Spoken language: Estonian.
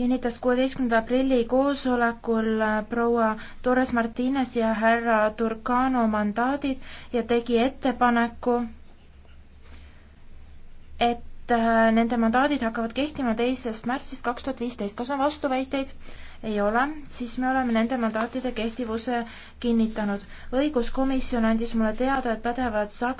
kinnitas kuueteistkümnenda aprilli koosolekul äh, proua Torres Martines ja härra Turcano mandaadid ja tegi ettepaneku, et äh, nende mandaadid hakkavad kehtima teisest märtsist kaks tuhat viisteist. kas on vastuväiteid? ei ole, siis me oleme nende mandaatide kehtivuse kinnitanud. õiguskomisjon andis mulle teada, et pädevad Saks